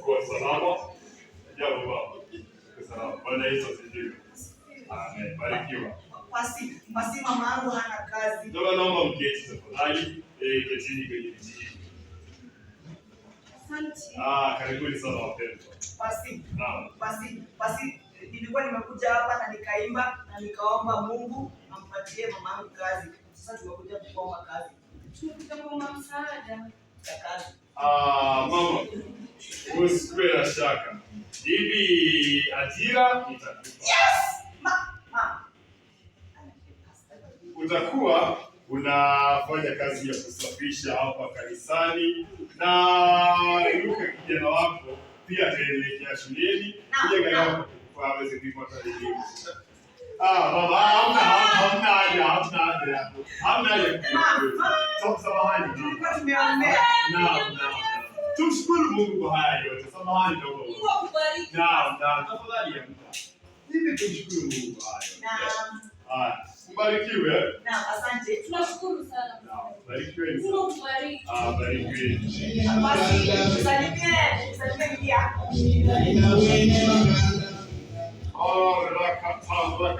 Kwa salama. Ajabu baba. Kwa salama. Bwana Yesu asifiwe. Amen. Barikiwa. Basi masima maangu hana kazi. Ndio naomba mketi tafadhali. Eh, ketini kwenye viti. Asante. Ah, karibuni sana wapendwa. Basi. Basi, basi nilikuwa nimekuja hapa na nikaimba na nikaomba Mungu ampatie mamangu kazi. Sasa tumekuja kuomba kazi. Tumekuja kuomba msaada. Kazi. Ah, mama. Usiwe na shaka. Hivi ajira itakupa. Yes! Ma, ma. Utakuwa unafanya kazi ya kusafisha hapa kanisani na yuka kijana wako pia ataelekea shuleni aweze kuipata elimu. Ah, baba, hamna haja, hamna haja, hamna haja. Tumshukuru Mungu kwa haya yote. Samahani naomba. Mungu akubariki. Naam, naam. Tafadhali ya mta. Mimi kumshukuru Mungu kwa haya. Naam. Haya. Mbarikiwe. Naam, asante. Tunashukuru sana. Naam, barikiwe. Mungu akubariki. Ah, barikiwe. Basi salimie, salimie pia. Na wewe ni mwana. Oh, rakata, rakata.